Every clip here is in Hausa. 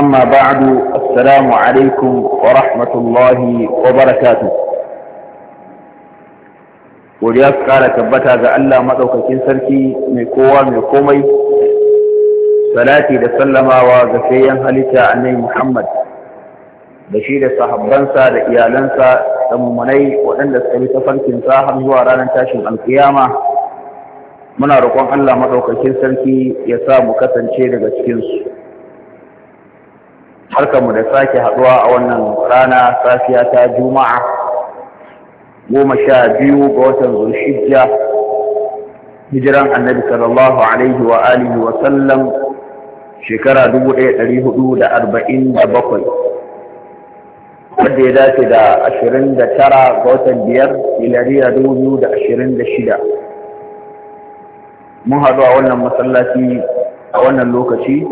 أما بعد السلام عليكم ورحمة الله وبركاته tabbata ga Allah ذا ألا مدوك كنسركي ميكوا ميكومي salati da sallamawa ga sayan halitta annai Muhammad da shi da sahabbansa da iyalansa da mummunai waɗanda suka bi tafarkin sa har zuwa ranar tashin alkiyama muna roƙon Allah maɗaukakin sarki ya sa mu kasance daga cikinsu barkanmu da sake haduwa a wannan rana safiya ta juma'a goma sha biyu ga watan zulhijja hijiran annabi sallallahu alaihi wa alihi wa sallam shekara dubu ɗaya ɗari hudu da arba'in da bakwai wadda ya dace da ashirin da tara ga watan biyar milariya dubu biyu da ashirin da shida mun haɗu a wannan masallaci a wannan lokaci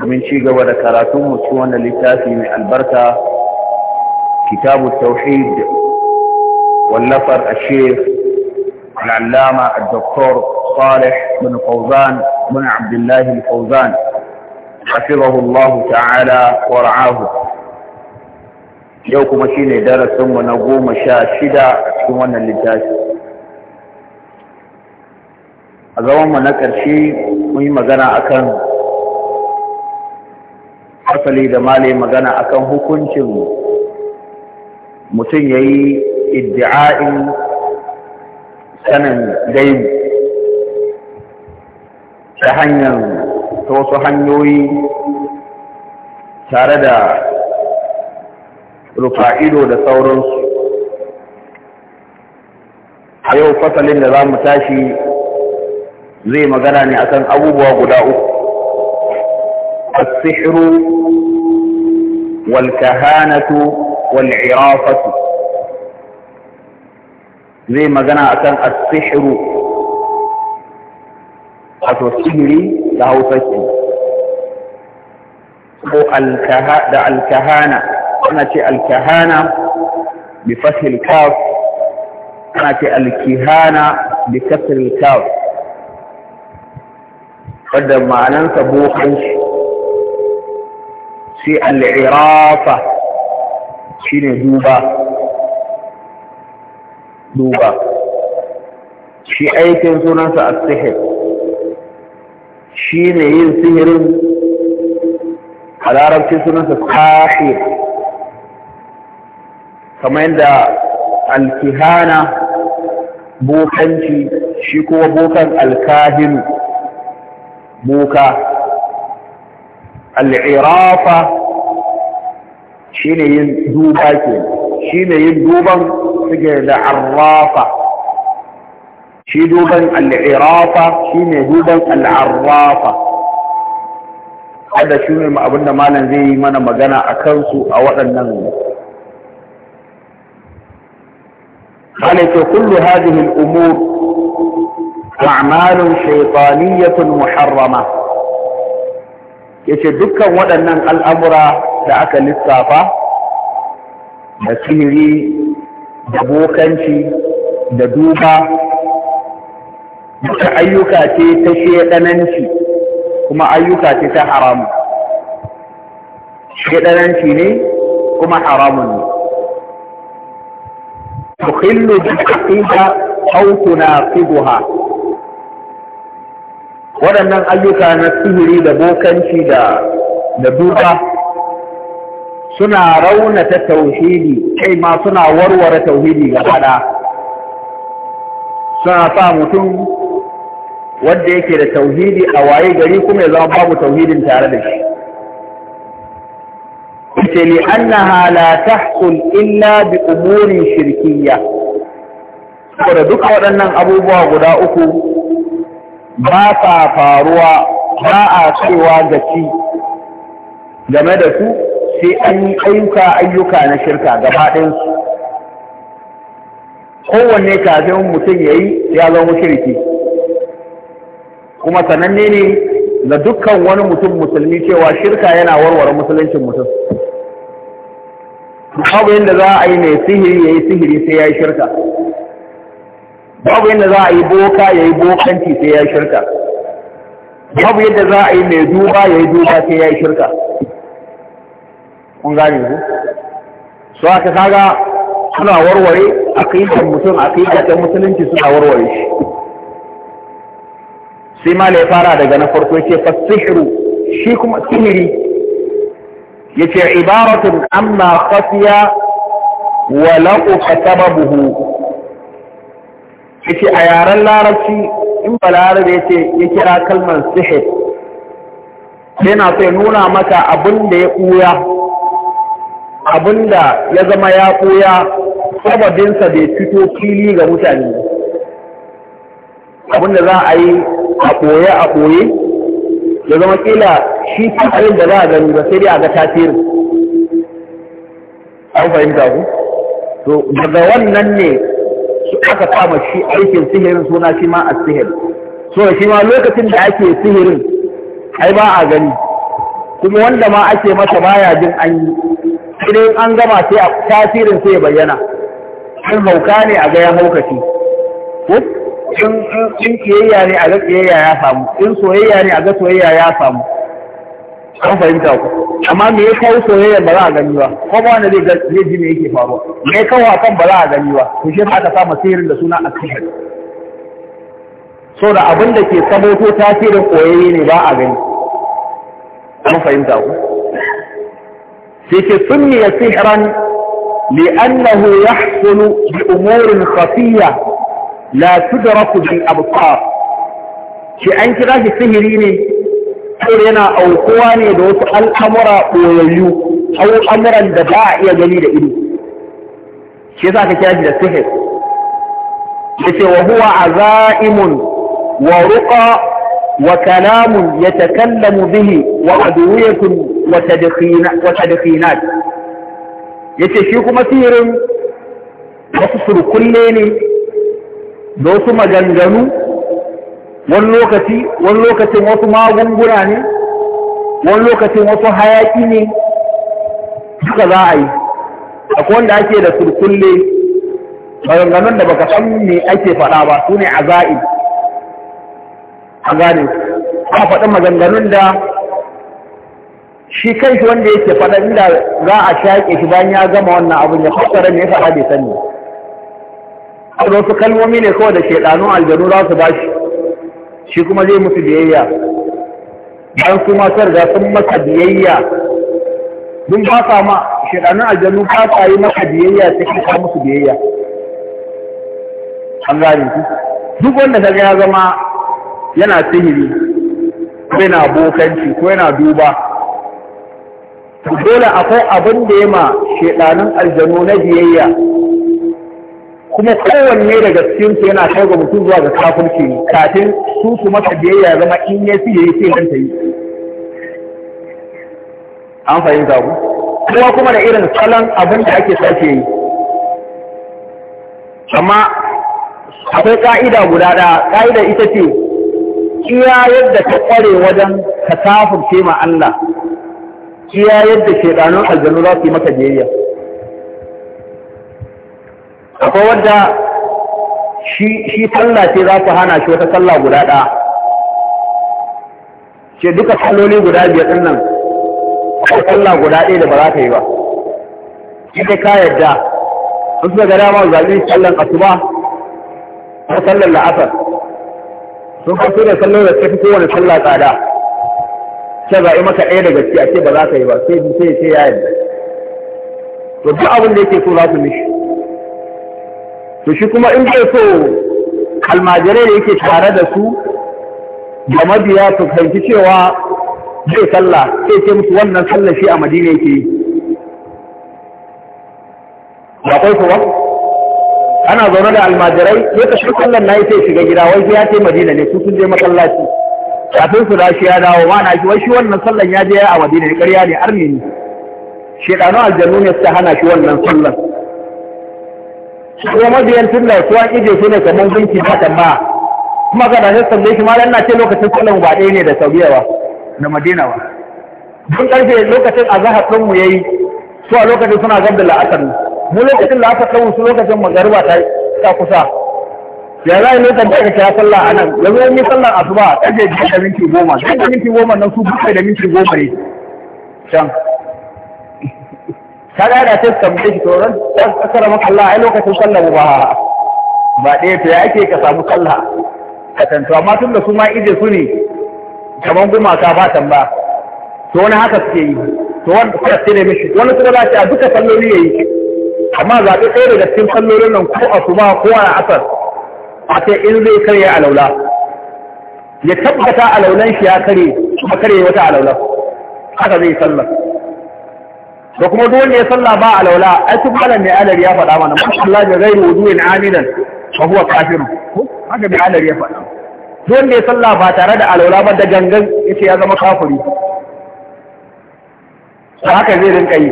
domin ci gaba da karatun mu cikin wannan littafi mai albarka kitabu tauhid wallafar a shef al'allama a doktor salih bin fauzan bin abdullahi fauzan حفظه الله تعالى ورعاه يوكم شين درس ونقوم شاشدا ثم نلتاش أظلم نكر شيء مهم جنا أكن asali da male magana akan hukuncin mutum ya yi iddi'a'in sanin gaibu ta hanyar ta wasu hanyoyi tare da rufa'ido da sauransu a yau fasalin da za mu tashi zai magana ne akan abubuwa guda uku السحر والكهانة والعرافة زي ما قلنا أكان السحر أتو السحر له فسر الكه... ده الكهانة أنا الكهانة بفتح الكاف أنا الكهانة بكسر الكاف فده معناه بوحنش sai al'irafa shi ne duba duba shi aikin sunansa a sihir shi ne yin sihirin a larabci sunansa tahir kamar yadda alkihana bukanci shi kuma bukan alkahin boka al'irafa shine yin duba ke shine yin duban suke da arrafa shi duban al'irafa shine duban al'arrafa wanda shi ne abinda malam zai yi mana magana a kansu a waɗannan halitta kullu hadihin umur أعمال شيطانية محرمة ya ce dukkan waɗannan al'amura da aka lissafa da sihiri da bokanci da duba duka ayyuka ce ta shedananci kuma ayyuka ce ta haramun shedananci ne kuma haramun ne تخل بالعقيدة أو تناقضها waɗannan ayyuka na sihiri da bokanci da da duka suna raunata tauhidi kai ma suna warware tauhidi ga hada suna sa mutum wanda yake da tauhidi a waye gari kuma ya zama babu tauhidin tare da shi ce li annaha la tahsul illa bi umurin shirkiyya saboda duka waɗannan abubuwa guda uku ba sa faruwa ba a cewa gaci game da su sai an yi ayyuka ayyuka na shirka gaba ɗinsu kowanne kafin mutum ya yi ya zama shirki. kuma sananne ne ga dukkan wani mutum musulmi cewa shirka yana warware musuluncin mutum babu yadda za a yi mai sihiri ya yi sihiri sai ya yi shirka babu yadda za a yi boka ya yi bokanci sai ya yi shirka babu yadda za a yi mai duba ya yi duba sai ya yi shirka kun gane ku su aka kaga suna warware a kaifin mutum a kaifin musulunci suna warware shi sai ma ya fara daga na farko ce fasihiru shi kuma sihiri ya ce ibaratun amma khafiya wa laƙo sababu sababuhu yake a yaren larabci in larabe yace ya kira kalmar sihir so sai nuna maka abin da ya ɓuya abin da ya zama ya ɓuya sababinsa bai fito fili ga mutane abin da za a yi a ɓoye a ɓoye ya zama kila shi abin da za a gani ba sai dai a ga tasirin an fahimta ku to daga wannan ne Su aka kama shi aikin sihirin suna shi ma a sihir so shi ma lokacin da ake sihirin ai ba a gani kuma wanda ma ake masa baya jin an yi idan an gama sai a tasirin sai bayyana in hauka ne a ga ya haukaci in kiyayya ne a ga kiyayya ya samu in soyayya ne a ga soyayya ya samu an fahimta ku amma me ya kawo soyayya ba za a gani ba ko ba wanda zai zai ji me yake faruwa me ya kawo hakan ba za a gani ba to shi aka sa masirin da suna asihar so da abin da ke saboto tasirin koyayye ne ba a gani an fahimta ku sai ke sunni ya sihran li'annahu yahsulu bi umurin khafiyya la tudraku bil absar shi an kira shi sihiri ne kawai yana aukuwa ne da wasu al'amura ɓoyayyu al'amuran da ba a iya gani da ido shi yasa ka kira da sihir yace wa huwa azaimun wa ruqa wa kalamun yatakallamu bihi wa adwiyatun wa tadkhina wa tadkhinat yace shi kuma sihirin wasu surkulle ne da wasu maganganu wani lokaci wani lokacin wasu magunguna ne wani lokacin wasu hayaki ne duka za a yi akwai wanda ake da surkulle maganganun da baka san me ake faɗa ba su ne za'i, a gane a faɗi maganganun da shi kai shi wanda yake faɗa inda za a shaƙe shi bayan ya gama wannan abin ya fassara me ya faɗa bai sani a wasu kalmomi ne kawai da shaidanu aljanu za su ba shi shi kuma zai musu biyayya bayan su ma sarga sun masa biyayya dun ba sa ma shaɗanin aljanu ba sa yi masa biyayya sai ka musu biyayya an gane ku duk wanda ta ya zama yana sihiri ko yana bokanci ko yana duba dole akwai abin da ya ma shedanin aljanu na biyayya kuma kowanne daga cikin su yana kai ga mutum zuwa ga kafirci kafin su su masa biyayya zama in ya fiye yi sai ta yi an fahimta ku kuma kuma da irin salon abin da ake sake yi amma akwai ka'ida guda ɗaya. ka'ida ita ce iya yadda ka kware wajen ka kafirce ma Allah iya yadda shekarun aljanu za su yi maka biyayya akwai wadda shi sallah ce za ta hana shi wata sallah guda ɗaya ce duka salloli guda biyar ɗin nan akwai sallah guda ɗaya da ba za ta yi ba shi dai ka yadda an suka ga dama zaɓi sallan asuba ko sallan la'asar sun fasu da sallar da ta fi kowane sallah tsada ce yi maka ɗaya da gaske a ce ba za ka yi ba sai sai ya yadda to duk abin da yake so za su mishi to shi kuma in zai so almajirai da yake tare da su da mabiya su fahimci cewa zai sallah sai ce musu wannan sallah shi a madina yake yi ba kai kuwa ana zaune da almajirai lokacin sallar na yi sai shiga gida wai ya ce madina ne su sun je masallaci kafin su da shi ya dawo ma na shi wai shi wannan sallan ya je a madina ne ƙarya ne arni ne shedanu aljanu ne suka hana shi wannan sallar kuma mabiyan sunna ko an ije su ne kamar gunki na tamba kuma ga nan sai shi ma dan na ce lokacin sallan ba ɗaya ne da Saudiya ba da Madina ba Don karfe lokacin azhar din mu yayi su a lokacin suna gab da la'asar mu lokacin la'asar din su lokacin magariba ta ta kusa ya za yi lokacin da kira sallah a nan yanzu an yi sallar asuba karfe biyar da minti goma da minti goma nan su bakwai da minti goma ne can kaga da ta tambaye shi to ran tsakar maka Allah ai lokacin sallar ba ba ɗaya to ya ake ka samu sallah ka tantu amma tun da su ma su ne kaman gumaka ba ba. to wani haka suke yi to wani suka tsere mishi wani suka ba shi a duka salloli ya yi amma zaɓe ɗaya daga cikin sallolin nan ko a kuma, ko a asar a ce in zai karya alaula ya tabbata alaulan shi ya kare kuma karye wata alaula haka zai sallah da kuma duk wanda ya salla ba laula, ai tun malam ne alari ya faɗa mana man salla da gairu wudu'in amidan fa huwa kafir haka bi alari ya faɗa duk wanda ya salla ba tare da alaula ba da gangan yace ya zama kafiri haka zai rinka yi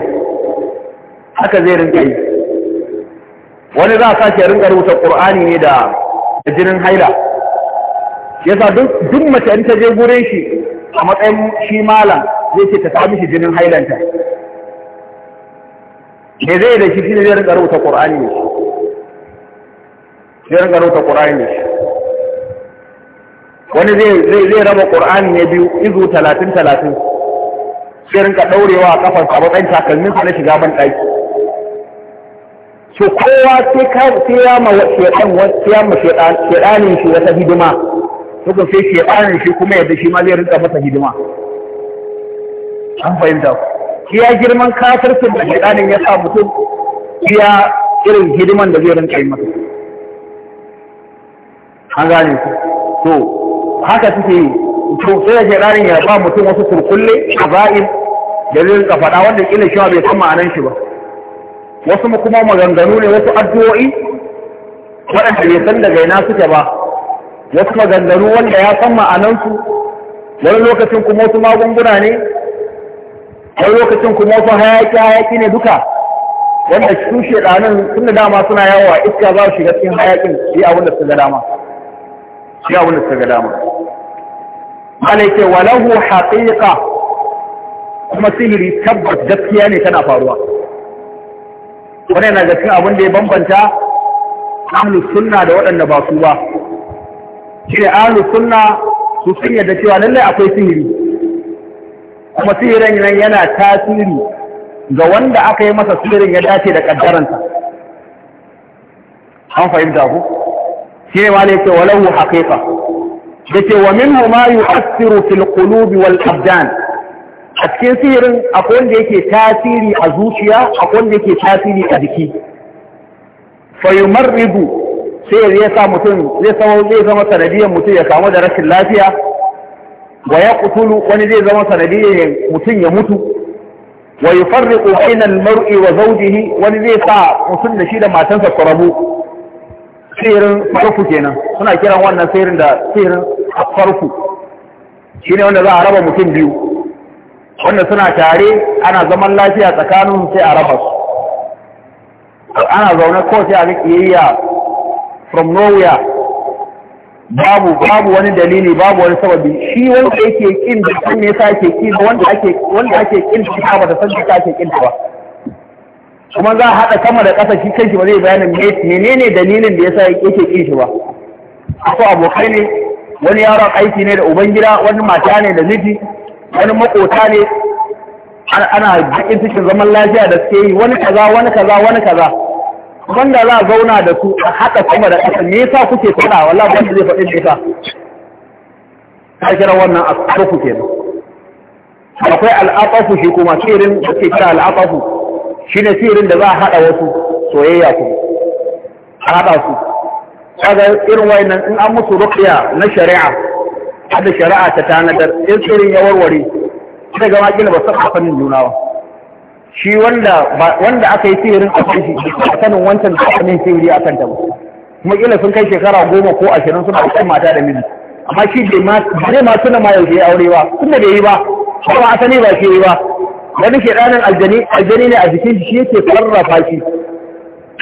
haka zai rinka yi wani za a sake rinka rubuta qur'ani ne da jinin haila yasa duk mace an ta je gurin shi a matsayin shi malam zai ce ta sami shi jinin hailanta ke zai da shi shi ne zai rika rubuta ƙur'ani ne zai rika rubuta ƙur'ani ne wani zai zai raba ƙorani ne biyu izu talatin talatin zai rinka ɗaurewa a kafar sa matsayin takalmin sa na shiga ban ɗaki so kowa sai ka sai ya ma shedan sai ya ma shedanin shi wata hidima kuma sai shedanin shi kuma yadda shi ma zai rinka masa hidima an fahimta ku iya girman kafircin da shaidanin ya sa mutum iya irin hidiman da zai rinka yi masa an gane su to haka suke yi to sai da shaidanin ya ba mutum wasu turkulle a ba'in da zai rinka faɗa wanda kila shi bai san ma'anan shi ba wasu kuma maganganu ne wasu addu'o'i waɗanda bai san daga ina suke ba wasu maganganu wanda ya san ma'anansu wani lokacin kuma wasu magunguna ne wani lokacin kuma wasu hayaki hayaki ne duka wanda su shedanin tun da dama suna yawo a iska za su shiga cikin hayakin shi abin da su ga dama shi abin da su ga dama malaike walahu haƙiƙa kuma sihiri tabbas gaskiya ne tana faruwa wani yana ga cikin abin da ya bambanta ahlu sunna da waɗanda ba su ba shi ne ahlus sunna su sun yadda cewa lallai akwai sihiri kuma sihirin nan yana tasiri ga wanda aka yi masa sihirin ya dace da kaddaranta an fahimta ku shi ne ke walau walahu haƙiƙa da ke wa min ma yi asiru fil qulubi wal abdan a cikin sihirin akwai wanda yake tasiri a zuciya akwai wanda yake tasiri a jiki fayumar rigu sai ya sa mutum zai zama sanadiyar mutum ya kamu da rashin lafiya wa kutulu wani zai zama sanadiyyar mutum ya mutu wa yi farri al-mar'i wa zaujihi wani zai sa mutum da shi da matansa su rabu sihirin farku kenan suna kiran wannan sihirin da sihirin farfu ne wanda za a raba mutum biyu wanda suna tare ana zaman lafiya tsakanin sai a raba su ana zaune ko sai a ga kiyayya from nowhere babu babu wani dalili babu wani sababi shi wanda yake kin da san ne yasa yake kin ba wanda ake wanda ake kin ta ba da san ta ake kin ba kuma za a hada sama da kasa shi kanshi ba zai bayana menene dalilin da yasa yake kin shi ba ko abokai ne wani yaron aiki ne da ubangida wani mata ne da miji wani makota ne ana bakin cikin zaman lafiya da suke yi wani kaza wani kaza wani kaza wanda za a zauna da su a haɗa kuma da ƙasa me yasa kuke faɗa wallahi wanda zai faɗin nisa ta kira wannan a kuke nan. akwai al'afafu shi kuma tsirin da ke kira al'afafu shi ne tsirin da za a haɗa wasu soyayya su, a haɗa su kaga irin wayannan in an musu rukiya na shari'a hada shari'a ta tanadar in tsirin ya warware sai gama kila ba su juna ba shi wanda wanda aka yi sihirin a kan shi sanin wancan da aka yi sihiri a kan ta ba kuma kila sun kai shekara goma ko ashirin suna kan mata da miji amma shi bai ma ma tuna ma yaushe ya aure ba tunda bai yi ba kuma asali ba ke yi ba wani shekaran aljani aljani ne a jikin shi yake sarrafa shi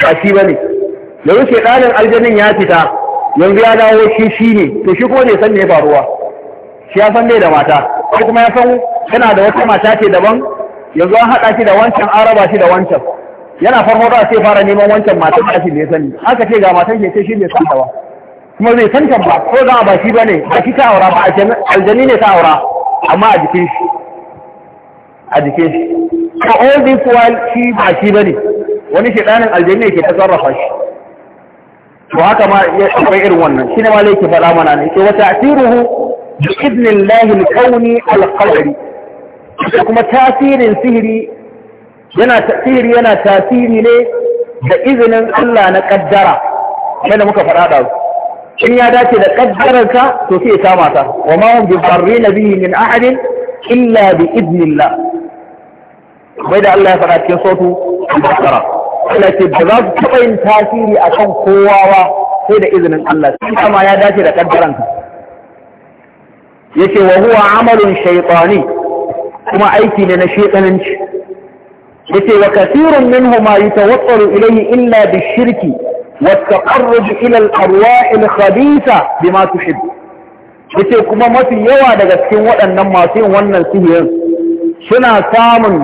ba shi ba ne. yanzu shekaran aljanin ya fita yanzu ya dawo shi shi ne to shi ko ne san ne faruwa shi ya san ne da mata ko kuma ya san yana da wata mata ce daban yanzu an haɗa shi da wancan an raba shi da wancan yana farko za a ce fara neman wancan matan da shi bai sani aka ce ga matan ke ce shi bai san ba kuma bai san ba ko za a ba shi bane da shi ka aura ba aljani ne ka aura amma a jikin shi a jikin shi Ko all this while shi ba shi bane wani shedanin aljani ne ke ta sarrafa shi to haka ma ya akwai irin wannan shine ma lai faɗa mana ne ce wata asiruhu bi idnillahi al-kauni al-qadari ita kuma tasirin sihiri yana tasiri yana tasiri ne da izinin Allah na kaddara yadda muka faɗa da in ya dace da kaddararka to sai ta mata wa ma hum bidarrin bihi min ahadin illa bi idnillah bai da Allah ya faɗa cikin sautu al-baqara Allah ce ba za su taɓa yin tasiri akan kowa ba sai da izinin Allah sai kama ya dace da kaddaranka yace wa huwa amalun shaytani kuma aiki ne na shekananci yace wa kathirun minhu ma yatawassalu ilayhi illa bishirki والتقرب إلى الأرواح الخبيثة بما تحب yace kuma mafi yawa daga cikin waɗannan masu yin wannan sihirin suna samun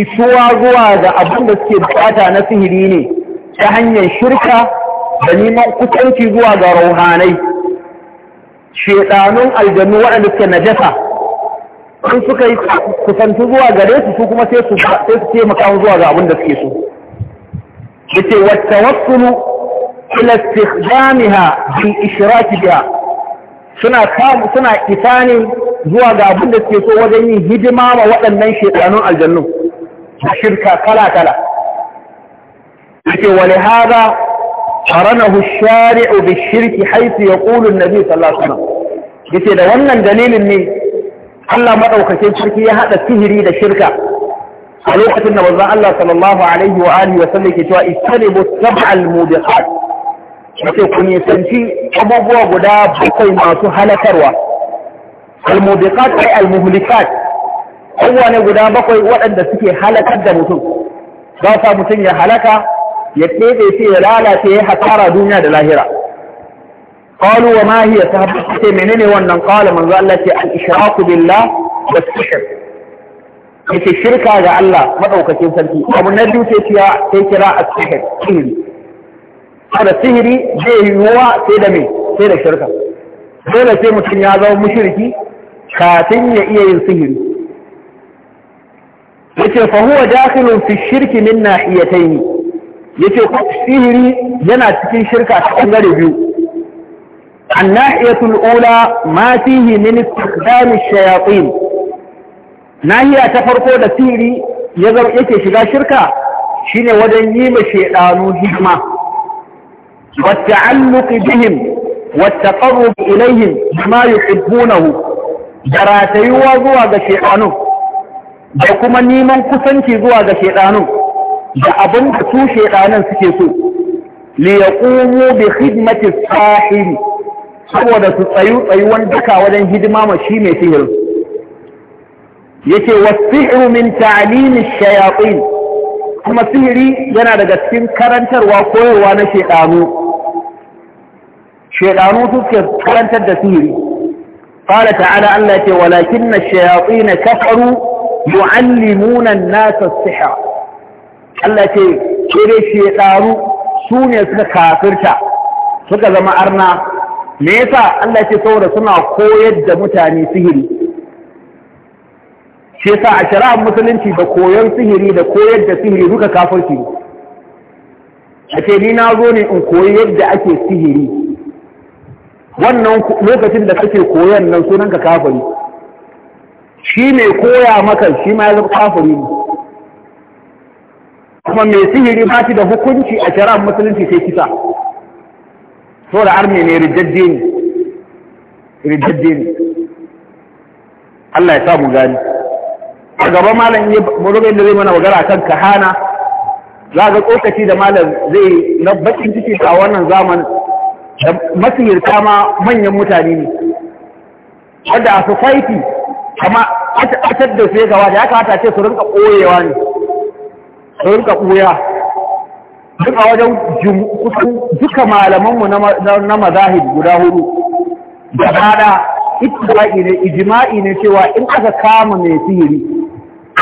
isuwa zuwa ga abin da suke bukata na sihiri ne ta hanyar shirka da neman kusanci zuwa ga rauhanai shedanun aljannu waɗanda suke najasa in suka yi kusantu zuwa gare su su kuma sai su taimaka zuwa ga abin da suke so yace wa tawassulu ila istikhdamha bil ishrak biha suna kamu suna isanin zuwa ga abin da suke so wajen yin hidima wa wadannan shedanun aljannu shirka kala kala yace wa li hada qaranahu ash-shari'u bil shirki haythu yaqulu an-nabi sallallahu alaihi wasallam yace da wannan dalilin ne Allah maɗaukakin sarki ya haɗa sihiri da shirka a lokacin da manzon Allah sallallahu alaihi wa alihi wa sallam ke cewa istanibu sab'al mubiqat yace ku nisanci abubuwa guda bakwai masu halakarwa al mubiqat ay al muhlikat abubuwa ne guda bakwai waɗanda suke halakar da mutum Ba sa mutum ya halaka ya tsebe sai ya lalace ya hasara duniya da lahira qalu wa ma hiya sahabbai ce menene wannan qala manzo Allah ce al ishraku billah wa shirk yace shirka ga Allah madaukakin sarki abu na biyu sai kira sai kira kada sihiri zai yiwuwa sai sai da shirka dole sai mutum ya zama mushriki kafin ya iya yin sihiri yace fa huwa dakhilun fi shirki min yace sihiri yana cikin shirka ta bangare biyu الناحية الأولى ما فيه من استخدام الشياطين ناحية تفرقو لسيري يظهر إيكي شغا شركة شين ودنيم شيطانو هجمة والتعلق بهم والتقرب إليهم بما يحبونه جراتي وضوى ذا شيطانو da kuma neman kusanci zuwa ga shaidanun da abin da su shaidanan suke so li saboda su tsayu tsayuwan duka wajen hidima ma shi mai sihir yake wasihiru min ta'limi shayatin kuma sihiri yana daga cikin karantarwa koyarwa na shedanu shedanu suke karantar da sihiri qala ta'ala Allah walakin walakinna shayatin kafaru yu'allimuna an-nasa as-sihr Allah yake kire shedanu su ne suka kafirta suka zama arna me yasa Allah ya ce saboda suna koyar da mutane sihiri shi yasa a shari'ar musulunci da koyon sihiri da koyar da sihiri duka kafirci a ce ni na zo ne in koyi yadda ake sihiri wannan lokacin da kake koyon nan sunan ka kafiri shi mai koya maka shi ma ya zama kafiri ne kuma mai sihiri ba shi da hukunci a shari'ar musulunci sai kisa to armi ne rijadde ne rijadde ne Allah ya sa mu gani a gaba malam ya muruga da zai mana magana kan kahana za ga tsokaci da malam zai na bakin ciki a wannan zaman masirta ma manyan mutane ne Wanda a society kama a tattar da su ya da ya kamata ce su rinka ɓoyewa ne su rinka ɓuya duka a wajen kusan duka malamanmu na mazahid guda hudu da hada ittifaƙi ne ijima'i ne cewa in aka kama mai sihiri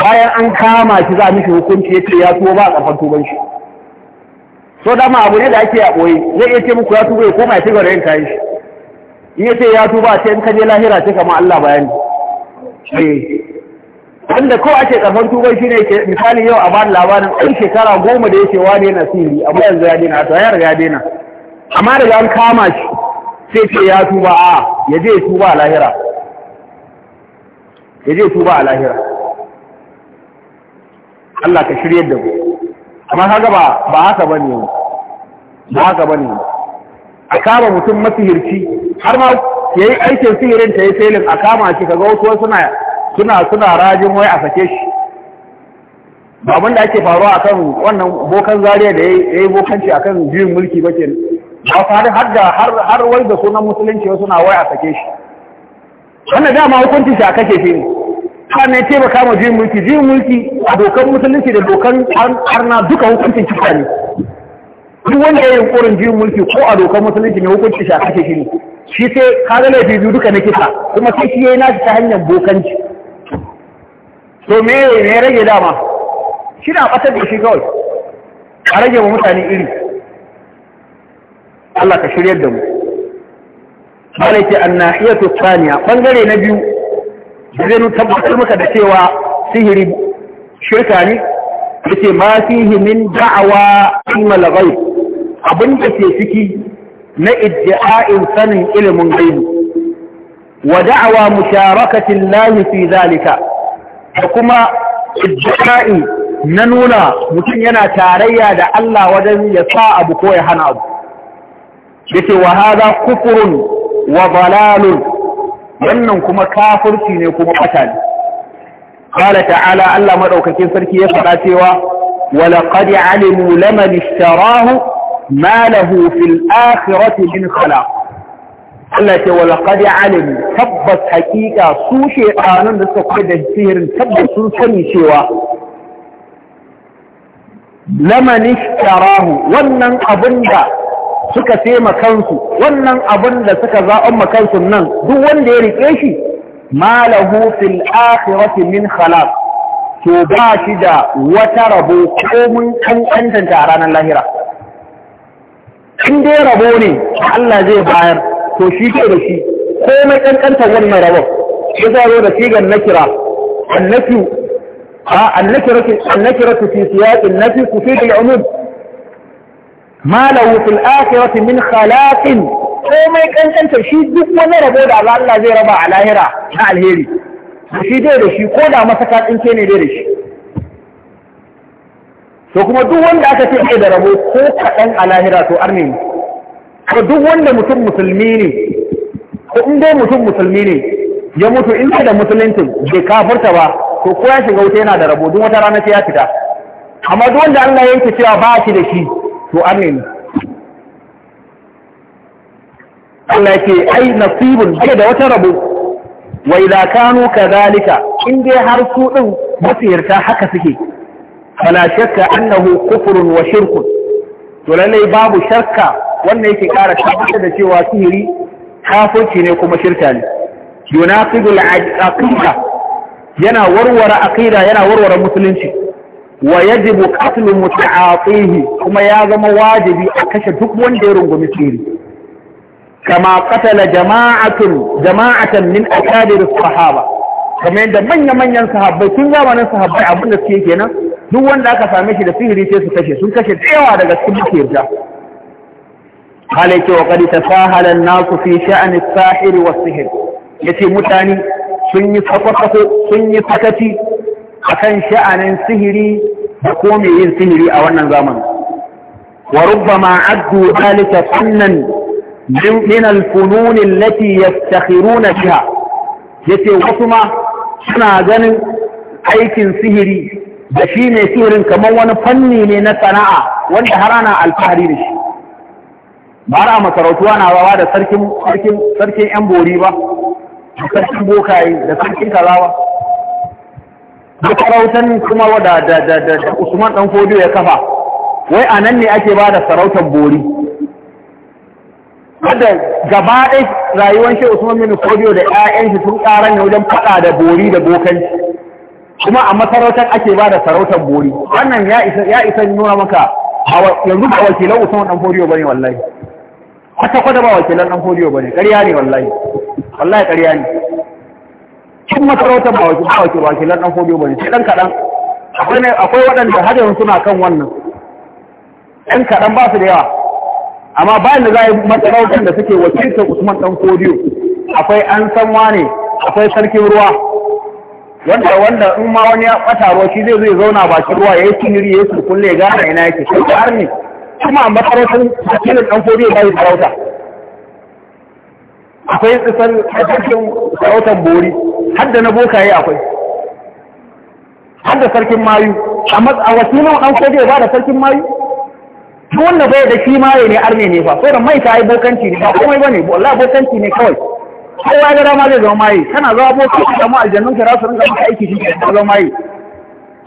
bayan an kama shi za a mishi hukunci ya ce ya tuwo ba a ƙarfan tuban shi so dama abu ne da ake a ɓoye zai iya ce muku ya tuba ya koma ya ci gaba yin kayan shi in ya ce ya tuba a ce in ka je lahira ce kama Allah bayani eh. wanda ko ake karfan tubai shine ke misali yau a bani labarin ɗan shekara goma da yake wane yana siri amma yanzu ya dena to ya riga ya dena amma daga an kama shi sai ce ya tuba a ya je tuba a lahira ya je tuba a lahira Allah ka shirye da mu amma haka ba ba haka bane ne ba haka bane ne a kama mutum masihirci har ma yayi aikin sihirin ta yi selin a kama shi kaga wasu suna suna suna rajin wai a sake shi ba abinda ake faruwa akan wannan bokan zariya da ya yi bokanci akan biyun mulki ba ke ba su har da har wai da sunan musulunci wasu na wai a sake shi wannan dama hukuncin shi a kake shi ne ce ba kama biyun mulki biyun mulki a dokan musulunci da dokan arna duka hukuncin kisa ne duk wanda ya yi yunkurin biyun mulki ko a dokan musulunci ne hukuncin shi a kake shi ne shi sai kaga laifi biyu duka na kisa kuma sai shi ya yi nashi ta hanyar bokanci So me ne rage dama shi na ɓatar da shi kawai a rage wa mutane iri Allah ka shiryar da mu malaki annahiyatu thaniya bangare na biyu da zai tabbatar maka da cewa sihiri shirka ne yace ma fihi min da'awa ilmal ghaib abin da ke ciki na iddia'in sanin ilimin gaibi wa da'awa musharakati Allah fi zalika da kuma ijja'i na nuna mutum yana tarayya da Allah wajen ya sa abu ko ya hana abu yake wa hada kufurun wa balalun wannan kuma kafirci ne kuma bata ne ta'ala Allah maɗaukakin sarki ya faɗa cewa wa laqad alimu laman ishtarahu ma lahu fil akhirati min khalaq Allah ce wa laqad alimu tabbas hakika su shekanun da suka kwai da sihirin tabbas sun sani cewa lamani sharahu wannan abin da suka tema kansu wannan abin da suka za'on makansu nan duk wanda ya rike shi ma lahu fil akhirati min khalaq to ba shi da wata rabo ko mun kankantanta a ranar lahira in dai rabo ne Allah zai bayar to shi ke da shi komai ƙanƙantar wannan rabon ya zaro da sigan nakira annafi a annakira fi siyaqin nafi ku fi da umum ma lahu fil akhirati min khalaqin komai ƙanƙantar shi duk wani rabo da Allah zai raba a lahira na alheri shi dai da shi ko da masa ka ke ne dai da shi to kuma duk wanda aka ce sai da rabo ko kaɗan a lahira to arne ne duk wanda mutum musulmi ne ko in dai mutum musulmi ne ya mutu in da musuluncin bai kafurta ba to ko ya shiga wuta yana da rabo wata rana sai ya fita amma duk wanda Allah ya yanke cewa ba shi da shi to amin Allah ke ai nasibun bai da wata rabo wa idza kanu kadhalika in dai har su din masiyarta haka suke fala shakka annahu kufrun wa shirkun to lalle babu shakka wannan yake kara tabbatar da cewa sihiri kafirci ne kuma shirka ne yunaqidul aqida yana warware aqida yana warware musulunci wa yajibu qatlu muta'atihi kuma ya zama wajibi a kashe duk wanda ya rungumi tsiri kama qatala jama'atun jama'atan min akadir sahaba kamar yadda manya-manyan sahabbai tun zamanin sahabbai abin da suke kenan duk wanda aka same shi da sihiri sai su kashe sun kashe yawa daga cikin muke malai ce wa kadi tasahala an-nasu fi sha'ni as-sahir was-sihr yace mutane sun yi sako sun yi fakati akan sha'anin sihiri da komai yin sihiri a wannan zamanin wa rubbama addu dalika sunnan min al-funun allati shiha. Ya yace wasu ma suna ganin aikin sihiri da shi ne sihirin kamar wani fanni ne na sana'a wanda har ana alfahari da shi ba a masarautu ana rawa da sarkin yan bori ba da sarkin bokaye da sarkin kalawa masarautar kuma wada da usman dan fodiyo ya kafa wai a nan ne ake ba da sarautar bori wadda gaba ɗai rayuwar shi usman bin fodiyo da 'ya'yan shi sun ƙara ne wajen faɗa da bori da bokanci kuma a masarautar ake ba da sarautar bori wannan ya isa nuna maka yanzu ba wakilan usman dan fodiyo bane wallahi kwata-kwata ba wakilan ɗan hodiyo ba ne ƙarya ne wallahi wallahi ƙarya ne cin masarautar ba wakilan ɗan hodiyo ba ne sai ɗan kaɗan akwai waɗanda hajjar suna kan wannan ɗan kaɗan ba su da yawa amma ba da za a yi masarautar da suke wakiltar usman ɗan hodiyo akwai an san wane akwai sarkin ruwa wanda wanda in ma wani ya ɓata ruwa shi zai zai zauna bakin ruwa ya yi ciniri ya yi surkulle ya gane ina yake shi har ne kuma a masarautar jikinin ɗan fodiyo bayi sarauta akwai tsisan sarkin sarautar bori hadda na boka yi akwai hadda sarkin mayu a wasilin ɗan fodiyo ba da sarkin mayu ta wanda bai da yi ne arme ne fa sauran mai ta yi bokanci ne ba komai ba ne walla bokanci ne kawai kowa ga dama zai zama maye kana zama bokanci ka samu aljannun ka rasu rinka maka aiki shi ka zama maye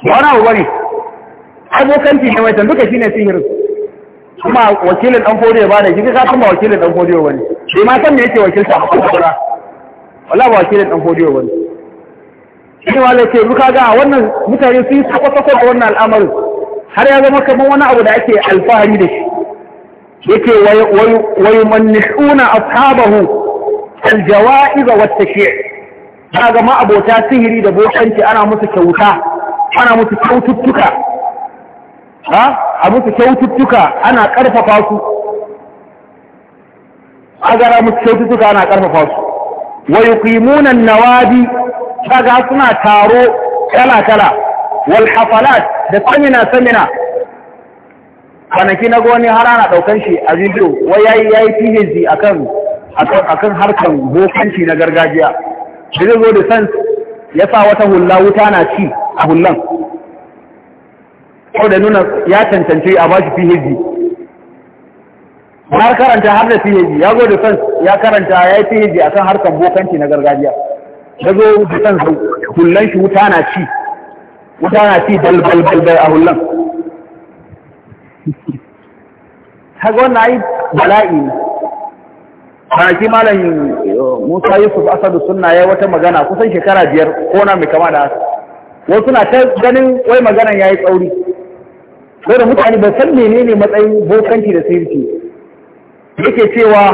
ba wani abu ba ne abokanci ne mai duka shi ne sihirin kuma wakilin dan fodiyo ya bada shi ka ba wakilin dan fodiyo wani shi ma san me yake wakilta a kuma wallahi ba wakilin dan fodiyo wani shi ma lai ce duka ga wannan mutane su yi sako da wannan al'amarin har ya zama kamar wani abu da ake alfahari da shi yake wayu mannishuna ashabahu aljawaiz wa tashii kaga ma abota sihiri da bokanci ana musu kyauta ana musu kyaututtuka ha a musu kyaututtuka ana ƙarfafa su a gara musu kyaututtuka ana ƙarfafa su wa nawadi suna taro kala kala wal hafalat da samina samina kwanaki na gwani har ana ɗaukan shi a bidiyo wai ya yi PhD akan akan harkan bokanci na gargajiya da zai zo da sans ya sa wata hula wuta na ci a hullan ko da nuna ya cancanci a bashi PhD har karanta har da PhD ya go da sans ya karanta ya yi PhD akan harkar bokanci na gargajiya ya zo da sans hullan shi wuta na ci wuta na ci dal dal dal dal a hullan haka wannan yi bala'i ne kwanaki malam Musa Yusuf Asadu sunna ya wata magana kusan shekara biyar ko na mai kama da haka wasu na ta ganin wai maganan ya yi tsauri da mutane ba san menene matsayin bokanci da sirki yake cewa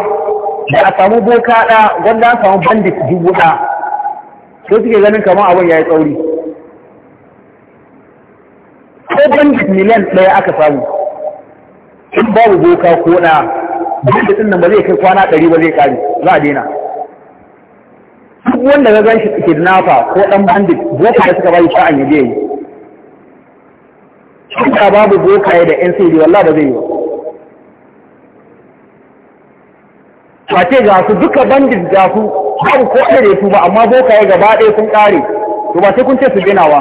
da a samu boka da wanda a samu bandit dubu da sai suke ganin kamar abin ya yi tsauri ko bandit miliyan ɗaya aka samu in babu boka ko da bandit ɗin nan ba zai kai kwana ɗari ba zai ƙari za a daina duk wanda ga gan shi kidnapper ko ɗan bandit boka da suka bayi sha'an ya je yi Shirka babu bokaye da ‘yan sirri wallah ba zai yi ba. ce ga su duka bandit ga su babu ko ɗaya da su ba amma bokaye gaba ɗaya sun ƙare to ba sai kun ce su ginawa.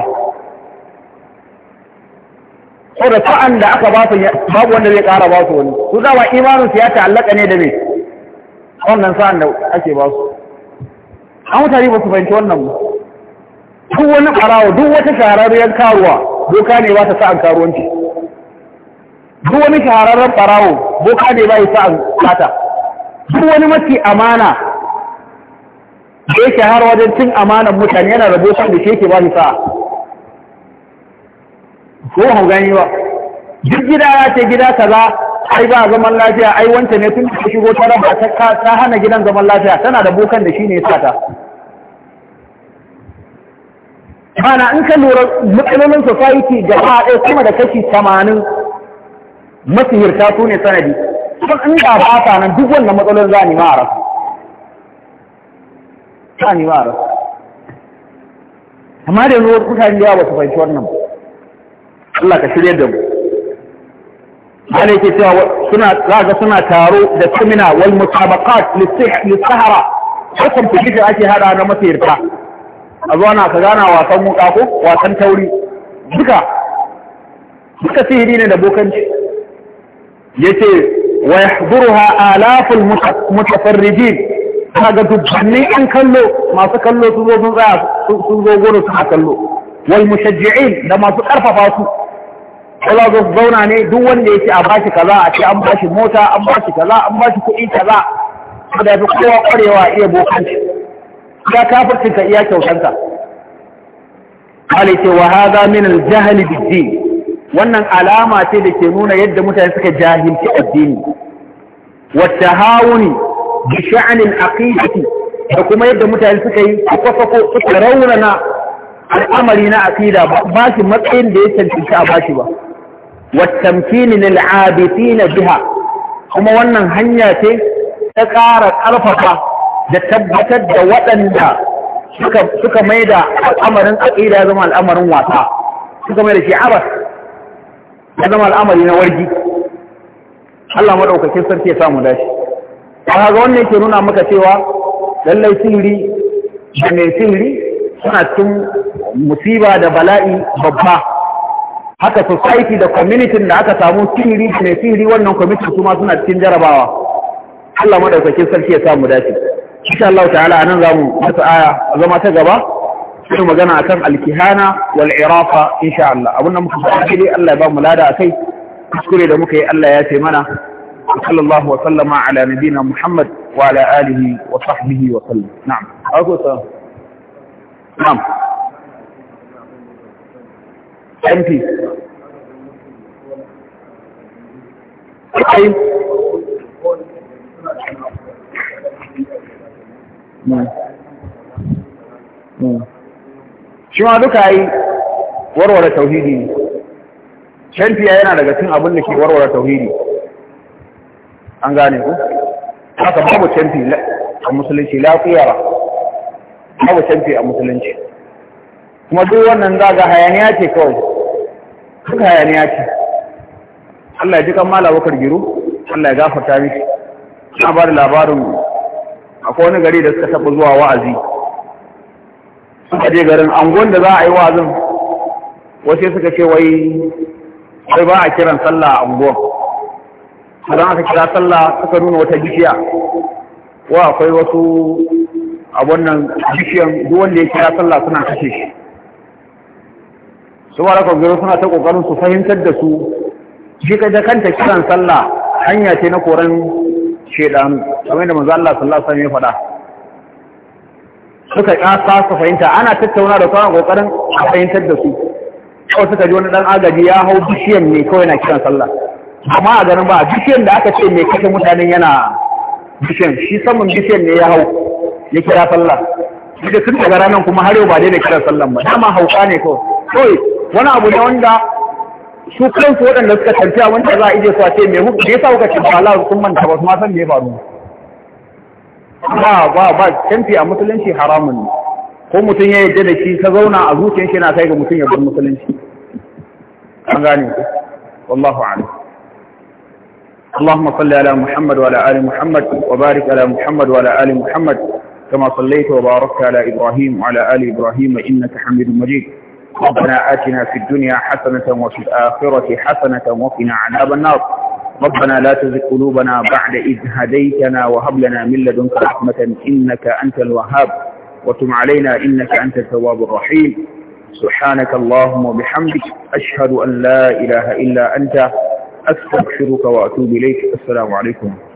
Ko da sa'an da aka ba su babu wanda zai ƙara ba su wani. Su dama imanin su ya ta'allaka ne da me wannan sa'an da ake ba su. An mutane ba su fahimci wannan ba. Duk wani ɓarawa duk wata shahararriyar karuwa boka ne ba ta sa'an karuwanci duk wani shahararren ɓarawo boka ne ba ya sa'an kata duk wani mafi amana da ya har wajen cin amanan mutane yana da boka da shi ke ba shi sa'a ko hau gani ba duk gida ya ce gida za ai ba zaman lafiya ai wancan ne tun da shigo ta raba ta hana gidan zaman lafiya tana da bokan da shi ne ya sata mana in ka lura matsalolin society ga ɗaya kuma da kashi tamanin masihirta su ne sanadi kuma in ga ba ta nan duk wannan matsalolin za ni nima a rasu za a nima a rasu amma da yanzu wasu mutane da yawa su fahimci wannan Allah ka shirya da mu ke yake cewa suna zaga suna taro da seminar wal mutabaqat lis-sahara hakan fi ake hada na masihirta a zuwa na ka gana wasan wuka ko wasan tauri duka duka sihiri ne da bokanci yace wa yahduruha alaful mutafarrijin ana ga dubbanni an kallo masu kallo sun zo sun tsaya sun zo goro a kallo wal mushajji'in da masu karfafa su Allah zo zauna ne duk wanda yake a bashi kaza a ce an bashi mota an bashi kaza an bashi kuɗi kaza saboda ya fi kowa kwarewa iya bokanci Ka kafircin ka iya kyautanka halice wa haza min al-jahl wannan alama ce da ke nuna yadda mutane suka jahilci addini wa tahawuni bi sha'n al-aqidati da kuma yadda mutane suka yi kwafako suka raunana al'amari na aqida ba shi matsayin da ya cancanci a bashi ba wa tamkini lil abithina biha kuma wannan hanya ce ta ƙara ƙarfafa da tabbatar da waɗanda suka mai da al'amarin aƙida ya zama al'amarin wasa suka mai da shi abas ya zama al'amari na wargi Allah maɗaukakin sarki ya samu dashi ba ga wannan ke nuna maka cewa lallai sihiri da mai sihiri suna cikin musiba da bala'i babba haka society da community da aka samu sihiri da mai sihiri wannan community su suna cikin jarabawa Allah maɗaukakin sarki ya samu dashi insha Allah ta'ala anan zamu mata aya zama ta gaba sai magana akan al-kihana wal irafa insha Allah abunda muka faɗi dai Allah ya ba mu lada akai kuskure da muka yi Allah ya ce mana sallallahu wa sallama ala nabina Muhammad wa ala alihi wa sahbihi wa sallam na'am ako sa na'am MP shi ma duka yi warware tauhidi ne shantiya yana daga cin abin da ke warware tauhidi an gane ku haka babu canfi a musulunci ba babu canfi a musulunci kuma duk wannan zaga hayaniya ce kawai duk hayaniya ce Allah ya ji kan mala bakar giru Allah ya gafarta mishi ina ba da labarin akwai wani gari da suka taɓa zuwa wa'azi ka je garin angon da za a yi wa'azin wasu suka ce wai sai ba a kiran sallah a angon idan aka kira sallah suka nuna wata bishiya wa akwai wasu a wannan gishiyan duk wanda ya kira sallah suna kashe shi su ba da kwangirin suna ta ƙoƙarin su fahimtar da su shi ka kanta kiran sallah hanya ce na koran shedanu kamar da manzo Allah sallallahu alaihi wasallam ya faɗa suka kasa su fahimta ana tattauna da kawai kokarin a fahimtar da su kawai suka ji wani dan agaji ya hau bishiyan ne kawai na kiran sallah amma a ganin ba bishiyan da aka ce mai kashe mutanen yana bishiyan shi saman bishiyan ne ya hau ya kira sallah duk tun daga ranar kuma har yau ba da kiran sallah ba dama hauka ne kawai wani abu ne wanda su kansu waɗanda suka tafiya wanda za a ije su a ce mai hudu da ya sa kuka ce ba la sun manta ba su ma san me faru ba ba ba canfi a musulunci haramun ne ko mutum ya yadda da shi ka zauna a zuciyar shi na kai ga mutum ya bar musulunci an gane ku wallahu a'lam اللهم صل على محمد وعلى آل محمد وبارك على محمد وعلى آل محمد كما صليت وباركت على إبراهيم وعلى آل إبراهيم إنك حميد مجيد ربنا آتنا في الدنيا حسنة وفي الآخرة حسنة وقنا عذاب النار ربنا لا تزغ قلوبنا بعد إذ هديتنا وهب لنا من لدنك رحمة إنك أنت الوهاب وتم علينا إنك أنت التواب الرحيم سبحانك اللهم وبحمدك أشهد أن لا إله إلا أنت أستغفرك وأتوب إليك السلام عليكم